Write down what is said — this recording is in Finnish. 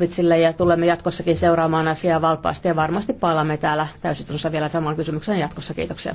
Vitsille ja tulemme jatkossakin seuraamaan asiaa valpaasti ja varmasti palaamme täällä täysistunnossa vielä samaan kysymykseen jatkossa. Kiitoksia.